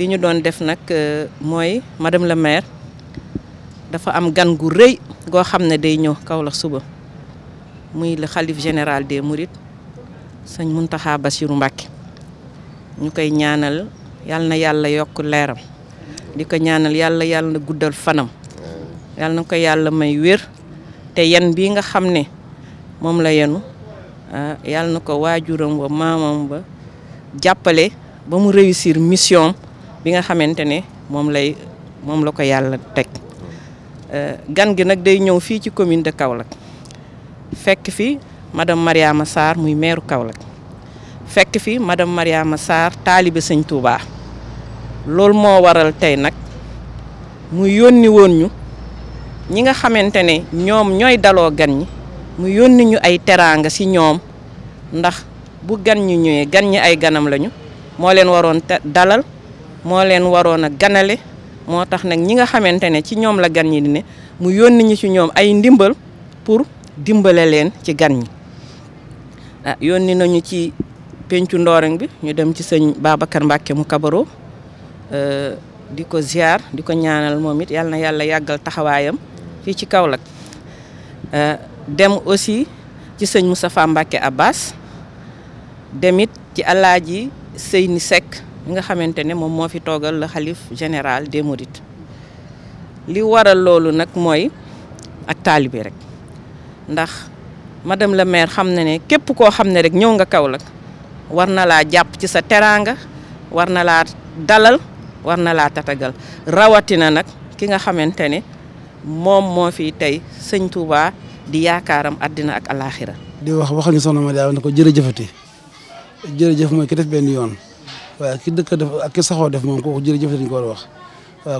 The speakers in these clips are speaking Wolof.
li ñu doon def nag euh, mooy madame la maire dafa am gan gu rëy goo xam ne day ñëw Kaolack suba muy le xalif général des murit sëñ Mountakha basiru Mbacké ñu koy ñaanal yàlla na yàlla yokk leeram di ko ñaanal yàlla yàlla na guddal fanam yàlla na ko yàlla may wér te yen bii nga xam ne moom la yenu ah, yàlla na ko waajuram wa maamam ba jàppale ba mu réussir mission bi nga xamantene mom lay mom la ko tek euh gan gi nak day ñew fi ci commune de Kaolack fekk fi madame Mariama sar muy maire Kaolack fekk fi madame Mariama sar taalibe seigne Touba mo waral tenak. nak mu yoni won ñu ñi nga xamantene ñom ñoy dalo gan ñi mu yoni ñu ay teranga si ñom ndax bu gan ñu ñewé gan ñi ay ganam lañu mo leen waron dalal moo leen waroon a ganale moo tax nag ñi nga xamante ne ci ñoom la gan ñi di ne mu yónni ñi ci ñoom ay ndimbal pour dimbale leen ci gan ñi ah yónni nañu ci pencu ndooran bi ñu dem ci sëñ Babacar Mbacke mu kabaro eh, di ko ziar di ko ñaanal moom it yàlla na yàlla yàggal taxawaayam fii ci Kaolack eh, dem aussi ci sëñ Moustapha Mbacke Abbas dem it ci alaaji Seyni Seck mi nga xamante ne moom moo fi toogal le xalif général des mourides li waral loolu nag mooy ak taalibe rek ndax madame la maire xam ne ne képp koo xam ne rek ñëw nga kaw Kaolack war na laa jàpp ci sa teraanga war na laa dalal war na laa tatagal rawatina nag ki nga xamante ne moom moo fi tey sëñ Touba di yaakaaram àddina ak alaaxira di wax waxuñu soxna a ne ko jërëjëfati jërëjëf mooy ki def benn yoon. waaye ki dëkk def ki saxoo def moom kooku jërëjëf dañ ko war a wax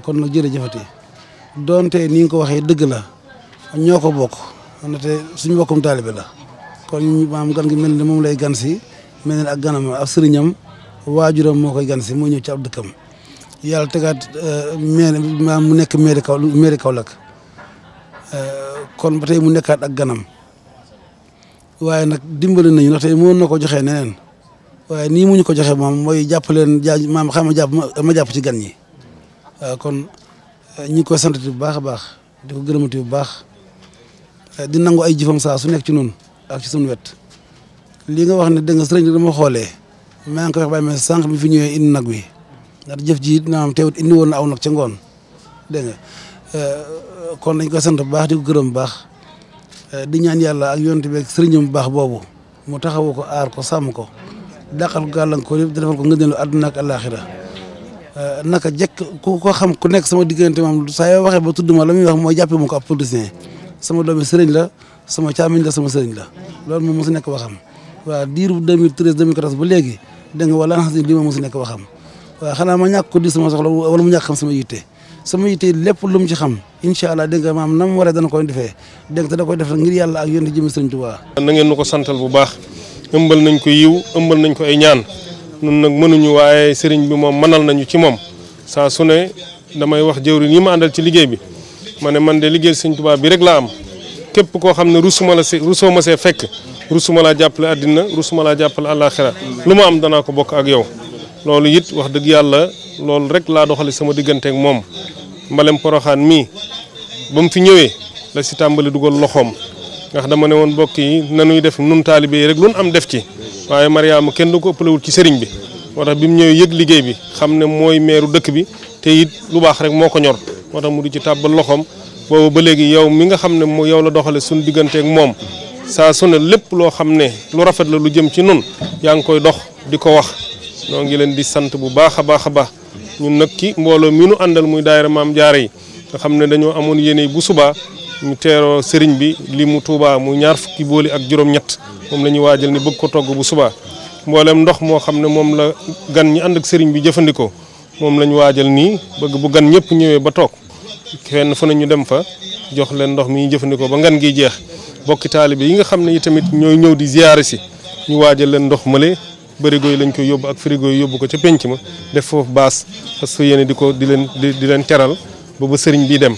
kon nag jërëjëfati donte ni ko waxee dëgg la ñoo ko bokk ndaxte suñu bokkum taalibe la kon maam gan gi mel moom lay gan si mel ni ak ganam sëriñam waajuram moo koy gan si moo ñëw ci ab yàlla tegaat euh, maire maam mu nekk maire kaw maire Kaolack euh, kon ba tey mu nekkaat ak ganam waaye nag dimbali nañu ndax tey mënoon na ko joxee neneen waaye nii mu ñu ko joxe moom mooy jàpp leen maam xam ma jàpp ma jàpp ci gan ñi kon euh, ñi ngi koy sant bu baax a baax di ko gërëmati bu baax euh, di nangu ay jëfam saa su nekk ci noonu ak wet lii nga wax ne dégg sëriñ bi dama xoolee maa ngi koy ma sànq bi fi ñëwee indi nag wi ndax jëf ji maanaam teewut indi woon na aw nag ca ngoon dégg nga euh, kon dañ koy sant bu baax di ko gërëm bu baax di ñaan yàlla ak yonent bi ak bu baax boobu mu taxawu ko aar ko sàmm ko dakal galan ko yeb defal ko ngëneelu aduna ak alakhirah naka jek ku ko xam ku nek sama diggante moom sa yo waxe ba tuduma lamuy wax moy jàppee ma ko ab politicien sama doomi serigne la sama chamine la sama serigne la loolu moom mosu nekk waxam wa diru 2013 2014 ba legi dégg nga wala nga xam ne lii moom mosu nekk waxam waaw xanaa ma ñak ko di sama soxla wala mu ñak xam sama yitte sama yitte lepp lu mu ci xam inshallah allah dégg nga maam na mu dana ko defee dégg nga te da koy def ngir yalla ak yéen a jëmi sëriñ Tuubaa. na ngeen nuko santal bu baax. ëmbal nañ ko yiw ëmbal nañ ko ay ñaan nun nag mënuñu waaye sëriñ bi moom mënal nañu ci moom saa su ne damay wax jëwriñ yi ma àndal ci liggéey bi ma ne man de liggéey sëñ tubaab bi rek laa am képp koo xam ne rusuma la si rusoo ma see fekk rusuma laa jàppale àddina rusuma laa jàppale àllaaxira lu ma am danaa ko bokk ak yow loolu it wax dëgg yàlla loolu rek laa doxale sama diggante ak moom mbalem poroxaan mii ba mu fi ñëwee la si tàmbali dugal loxoom ndax dama ne woon mbokk yi nanuy def nun taalibe yi rek lu am def ci waaye Mariama kenn du ko ëppalewul ci sëriñ bi moo tax bi mu ñëwee yëg liggéey bi xam ne mooy meeru dëkk bi te it lu baax rek moo ko ñor moo tax mu di ci tàbbal loxoom boobu ba léegi yow mi nga xam ne moo yow la doxale suñu digganteek moom saa su ne lépp loo xam ne lu rafet la lu jëm ci nun yaa ngi koy dox di ko wax noo ngi leen di sant bu baax a baax a baax ñun nag ki mbooloo mi àndal muy daayira maam jaare yi nga xam ne dañoo amoon yéene bu subaa ñu teeroo sëriñ bi li mu Touba mu ñaar fukki booli ak juróom-ñett moom la ñuy waajal ni bëgg ko togg bu subaa mboolem ndox moo xam ne moom la gan ñu ànd ak sëriñ bi jëfandikoo moom la ñu waajal nii bëgg bu gan ñëpp ñëwee ba toog fenn fu ne ñu dem fa jox leen ndox mi jëfandikoo ba ngan gi jeex bokki taalibe yi nga xam ne yi tamit ñooy ñëw di ziyaare si ñu waajal leen ndox mële bërigo yi lañ koy yóbbu ak frigo yi yóbbu ko ca penc ma def foofu baas parce que yéene di ko di leen di leen teral ba ba sëriñ bii dem